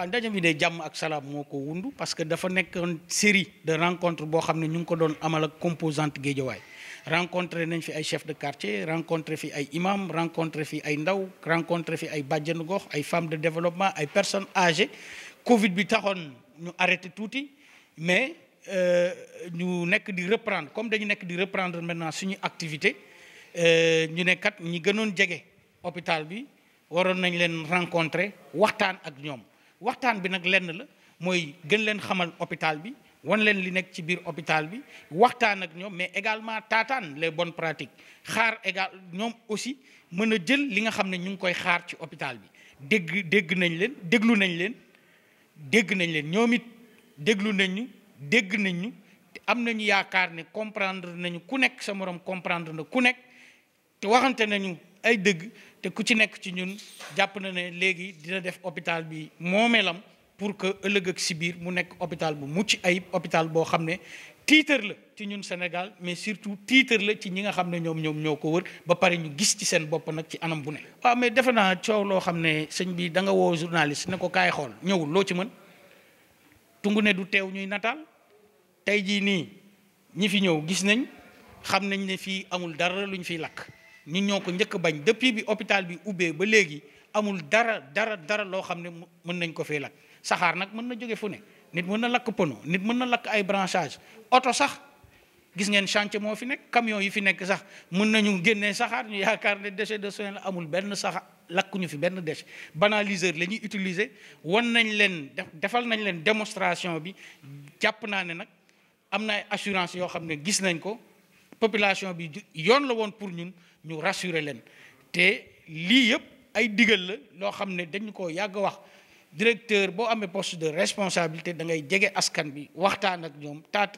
waaw ndaje mi de jàmm ak salam moko ko wundu parce que dafa nekkoon série de rencontres bo xam ñu ko doon amal ak composante Guédiawaye rencontrer nañ fi ay chef de quartier rencontrer fi ay imam rencontrer fi ay ndaw rencontrer fi ay bàjjenu gox ay femmes de développement ay personnes âgées Covid bi taxone ñu arrêté touti mais euh, ñu nek di reprendre comme dañu nek di reprendre maintenant suñu activité euh, ñu ne kat ñi gënon djégé hôpital bi waron nañ leen rencontrer waxtaan ak ñom waxtaan bi nag lenn la mooy gën leen xamal hôpital bi wan leen li nekk ci biir hôpital bi waxtaan ak ñoom mais également taataan les bonnes pratique xaar égal ñoom aussi mën a jël li nga xam ne ñu ngi koy xaar ci hôpital bi dégg dégg nañ leen déglu nañ leen dégg nañ leen ñoom it déglu nañ ñu dégg nañ ñu te am nañu yaakaar ne comprendre nañu ku nekk sa morom comprendre na ku nekk waxante nañu ay dëgg te ku ci nekk ci ñun jàpp na ne léegi dina def hôpital bi moomeelam pour que ëllëg ak si biir mu nekk hôpital bu mucc ayib hôpital boo xam ne tiitër la ci ñun Sénégal mais surtout tiitër la ci ñi nga xam ne ñoom ñoom ñoo ko wër ba pare ñu gis ci seen bopp nag ci anam bu ne. waaw mais defe naa coow loo xam ne sëñ bi da nga woo journaliste ne ko kaay xool ñëwul loo ci mën tungu ne du teew ñuy nataal tey jii nii ñi fi ñëw gis nañ xam nañ ne fii amul dara luñ fiy lakk. ñu ñoo ko njëkk bañ depuis bi hôpital bi ubbee ba léegi amul dara dara dara loo xam ne mën nañ ko fee lakk saxaar nag mën na jóge fu ne nit mën na lakk pono nit mën na lakk ay branchage oto sax gis ngeen chantier moo fi nekk camion yi fi nekk sax mën nañu génnee saxaar ñu yaakaar ne déchet de soins la amul benn saxaar lakkuñu fi benn déchet banaliseur la ñuy utiliser wan nañ leen defal nañ leen démonstration bi jàpp naa ne nag am na ay assurance yoo xam ne gis nañ ko population bi yoon la woon pour ñun ñu rassurer leen te lii yëpp ay digal la loo xam ne dañu ko yàgg wax directeur boo amee poste de responsabilité da ngay jege askan bi waxtaan ak ñoom taat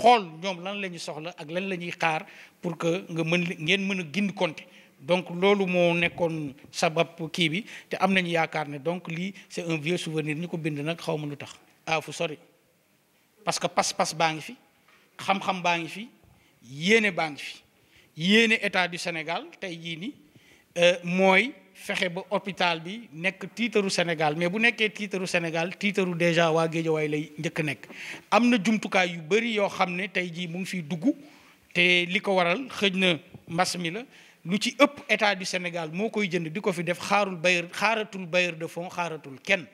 xool ñoom lan la ñu soxla ak lan la ñuy xaar pour que nga mën ngeen mën a gind compte donc loolu moo nekkoon sabab kii bi te am nañu yaakaar ne donc lii c'est un vieux souvenir ñu ko bind nag xaw ma lu tax ah fu sori parce que pas-pas baa ngi fi xam-xam baa ngi fi yéene baa ngi fi yéene état du Sénégal tey jii nii euh, mooy fexe ba hôpital bi nekk tiitaru Sénégal mais bu nekkee tiitaru Sénégal tiitaru déjà waa Géejawaay lay njëkk nekk. am na jumtukaay yu bari yoo xam ne tey jii mu ngi fiy dugg te li ko waral xëj na mbas mi la. lu ci ëpp état du Sénégal moo koy jënd fi def de fonds xaaratul kenn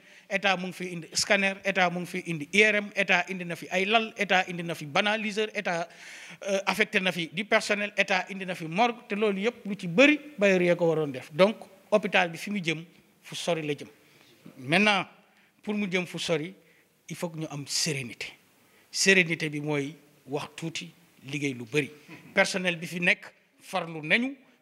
mu ngi fi indi scanner état mu ngi fi indi IRM état indi na fi ay lal indi na fi banaliseur euh, du personnel état indi na fi morgue te lu ci ko def donc hôpital bi fi mu fu sori la maintenant pour mu jëm fu sori il faut que ñu am sérénité sérénité bi wax lu personnel bi fi farlu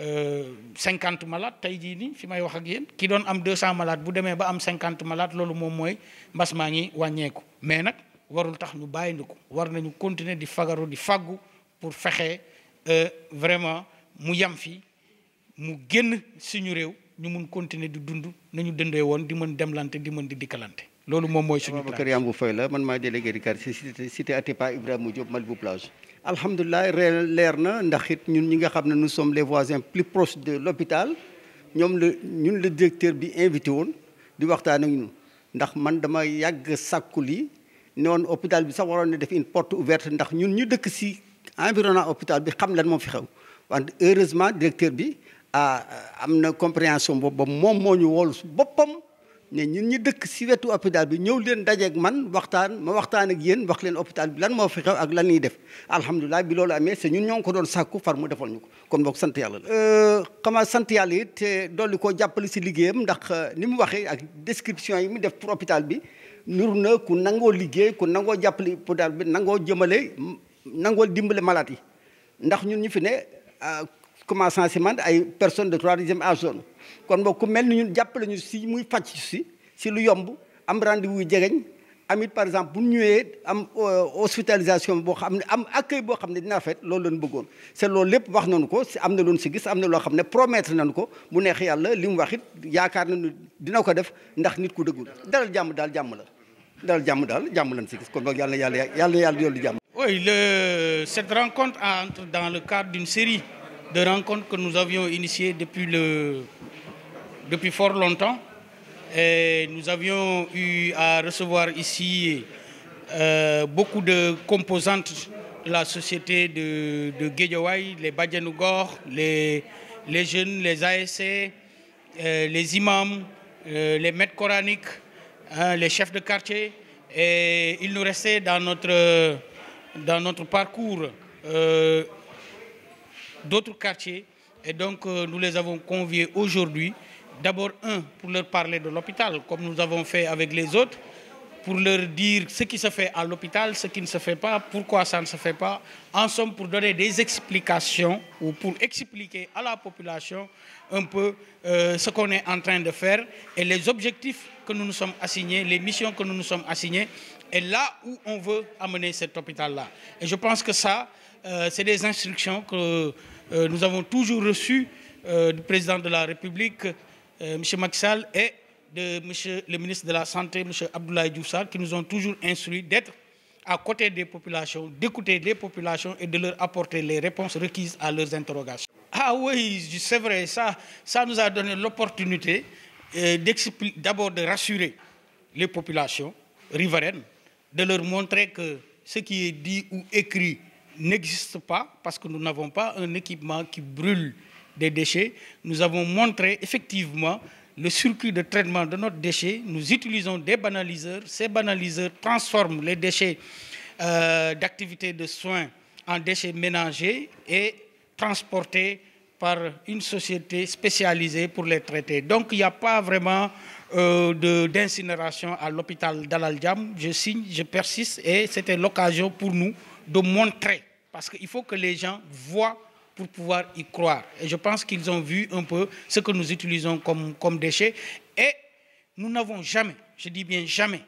Euh, cinquante malades tey jii nii fi may wax ak yéen ki doon am deux cent malades bu demee ba am cinquante malades loolu moom mooy mbas maa ngi wàññeeku mais nag warul tax ñu bàyyi ndi ko war nañu continuer di fagaru di faggu pour fexe euh, vraiment mu yam fi mu génn suñu réew ñu mun continuer di dund nañu dëndee woon di mën demlante di mën di dikkalante loolu moom mooy suñu Babacar Yambou Faye la man maay délégué di quartier cité cité Atepa Ibrahima Diop Malibu Plage alhamdulilah re leer na ndaxit ñun ñi nga xam ne nu sommes les voisins plus proches de l'hôpital ñoom la ñun la directeur bi invité woon di waxtaan ak ñun ndax man dama yàgg sàkku lii noonu hôpital bi sax waroon na def une porte ouverte ndax ñun ñu dëkk si environnement hôpital bi xam lan moo fi xew wante heureusement directeur bi ah am na compréhension boobu moom moo ñu woolu boppam ne ñun ñu dëkk si wetu hôpital bi ñëw leen dajeek man waxtaan ma waxtaan ak yéen wax leen hôpital bi lan moo fi ak lan ñuy def alhamdulilah bi loolu amee c'est ñun ñoo ngi ko doon sàkku far mu defal ñu ko kon boog sant yàlla la. Euh, xamaa sant yàlla yi te dolli koo jàppale si liggéeyam ndax euh, ni mu waxee ak description yi mu def pour hôpital bi nur na ku nangoo liggéey ku nangoo jàppale hôpital bi nangoo jëmale nangoo dimbale malade yi ndax ñun ñu fi ne. Euh, commençant si à ay personne de troisième âge zone kon boo ku mel ni ñun ñu si muy faj si si lu yomb am rendez-vous amit par exemple bu ñëwee am euh, hospitalisation bo am, am accueil bo am ne dina rafet loolu lañ bëggoon C'est est loolu lépp wax ko am ne l'on si gis am ne loo am ne promettre nañu ko bu neex yàlla lim mu wax it yaakaar nañu dina ko def ndax nit ku dëggul dalal jàmm dal jàmm la dalal jàmm dal jàmm lañ si gis kon boog yalla yalla yalla yalla na yàlla oui le cette rencontre entre dans le cadre d'une série de rencontres que nous avions initiées depuis, fort longtemps. nous avions eu à recevoir ici euh, beaucoup de composantes de la société de, de les Badjanougor, les, les jeunes, les ASC, euh, les imams, euh, les maîtres coraniques, hein, les chefs de quartier. Et il nous restait dans notre, dans notre parcours d'autres quartiers. Et donc, euh, nous les avons conviés aujourd'hui, d'abord, un, pour leur parler de l'hôpital, comme nous avons fait avec les autres, pour leur dire ce qui se fait à l'hôpital, ce qui ne se fait pas, pourquoi ça ne se fait pas. En somme, pour donner des explications ou pour expliquer à la population un peu euh, ce qu'on est en train de faire et les objectifs que nous nous sommes assignés, les missions que nous nous sommes assignées et là où on veut amener cet hôpital-là. Et je pense que ça, euh, c'est des instructions que euh, nous avons toujours reçu euh, du président de la République, euh, M. Maxal, et de le ministre de la Santé, M. Abdoulaye Doussar, qui nous ont toujours instruits d'être à côté des populations, d'écouter les populations et de leur apporter les réponses requises à leurs interrogations. Ah oui, c'est vrai, ça nous a donné l'opportunité d'abord de rassurer les populations riveraines, de leur montrer que ce qui est dit ou écrit n'existe pas parce que nous n'avons pas un équipement qui brûle des déchets. Nous avons montré effectivement le circuit de traitement de notre déchet. Nous utilisons des banaliseurs. Ces banaliseurs transforment les déchets euh, d'activités de soins en déchets ménagers et transportés par une société spécialisée pour les traiter. Donc il n'y a pas vraiment euh, d'incinération à l'hôpital dal Je signe, je persiste et c'était l'occasion pour nous de montrer parce qu'il faut que les gens voient pour pouvoir y croire. Et je pense qu'ils ont vu un peu ce que nous utilisons comme, comme déchets. Et nous n'avons jamais, je dis bien jamais,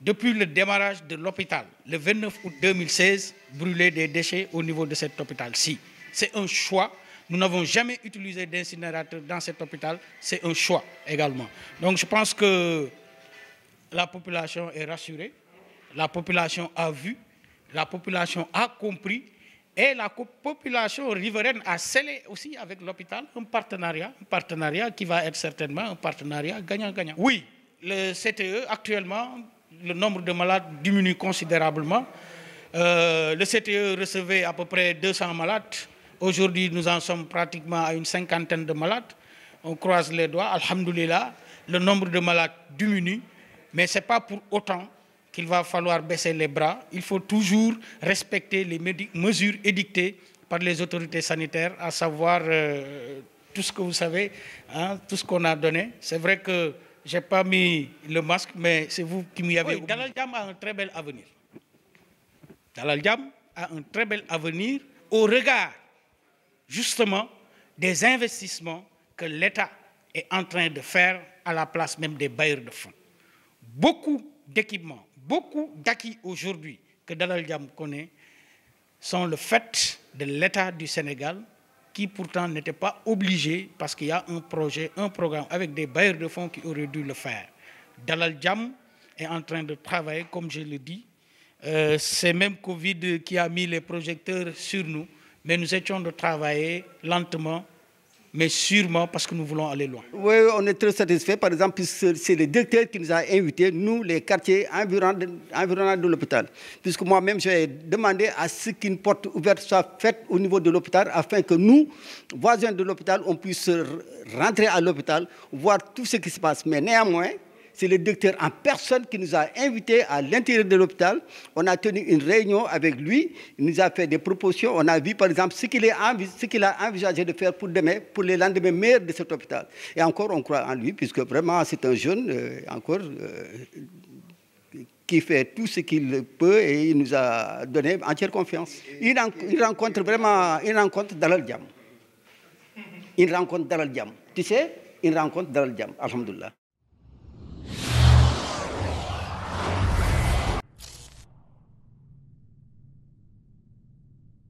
depuis le démarrage de l'hôpital, le 29 août 2016, brûlé des déchets au niveau de cet hôpital-ci. C'est un choix. Nous n'avons jamais utilisé d'incinérateur dans cet hôpital. C'est un choix également. Donc je pense que la population est rassurée. La population a vu la population a compris et la population riveraine a scellé aussi avec l'hôpital un partenariat, un partenariat qui va être certainement un partenariat gagnant-gagnant. Oui, le CTE, actuellement, le nombre de malades diminue considérablement. Euh, le CTE recevait à peu près 200 malades. Aujourd'hui, nous en sommes pratiquement à une cinquantaine de malades. On croise les doigts, alhamdoulilah, le nombre de malades diminue, mais ce n'est pas pour autant qu'il va falloir baisser les bras. Il faut toujours respecter les mesures édictées par les autorités sanitaires, à savoir euh, tout ce que vous savez, hein, tout ce qu'on a donné. C'est vrai que je n'ai pas mis le masque, mais c'est vous qui m'y avez oui, Dalal Diam a un très bel avenir. Dalal Diam a un très bel avenir au regard, justement, des investissements que l'État est en train de faire à la place même des bailleurs de fonds. Beaucoup d'équipements beaucoup d'acquis aujourd'hui que Dalal Diam connaît sont le fait de l'État du Sénégal qui pourtant n'était pas obligé parce qu'il y a un projet, un programme avec des bailleurs de fonds qui auraient dû le faire. Dalal Diam est en train de travailler, comme je le dis. Euh, c'est même Covid qui a mis les projecteurs sur nous, mais nous étions de travailler lentement mais sûrement parce que nous voulons aller loin. Oui, on est très satisfait. Par exemple, c'est le directeur qui nous a invités, nous, les quartiers environnants de l'hôpital. Puisque moi-même, j'ai demandé à ce qu'une porte ouverte soit faite au niveau de l'hôpital afin que nous, voisins de l'hôpital, on puisse rentrer à l'hôpital, voir tout ce qui se passe. Mais néanmoins, c'est le docteur en personne qui nous a invités à l'intérieur de l'hôpital. On a tenu une réunion avec lui. Il nous a fait des propositions. On a vu, par exemple, ce qu'il a envisagé de faire pour demain, pour les lendemains meilleurs de cet hôpital. Et encore, on croit en lui, puisque vraiment, c'est un jeune, euh, encore. Euh, qui fait tout ce qu'il peut et il nous a donné entière confiance. Une, rencontre vraiment, une rencontre le Diam. Une rencontre le Diam. Tu sais, une rencontre le Diam, Alhamdulillah.